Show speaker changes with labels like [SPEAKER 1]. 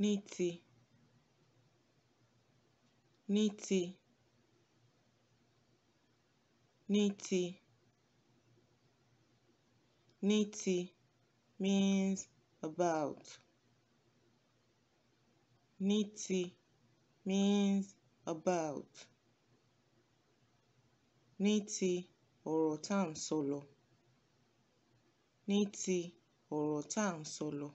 [SPEAKER 1] Ní ti, ní ti, ní ti, ní ti means about. Ní ti means about. Ní ti ọ̀rọ̀ tá ń sọ lọ. Ní ti ọ̀rọ̀ tá ń sọ lọ.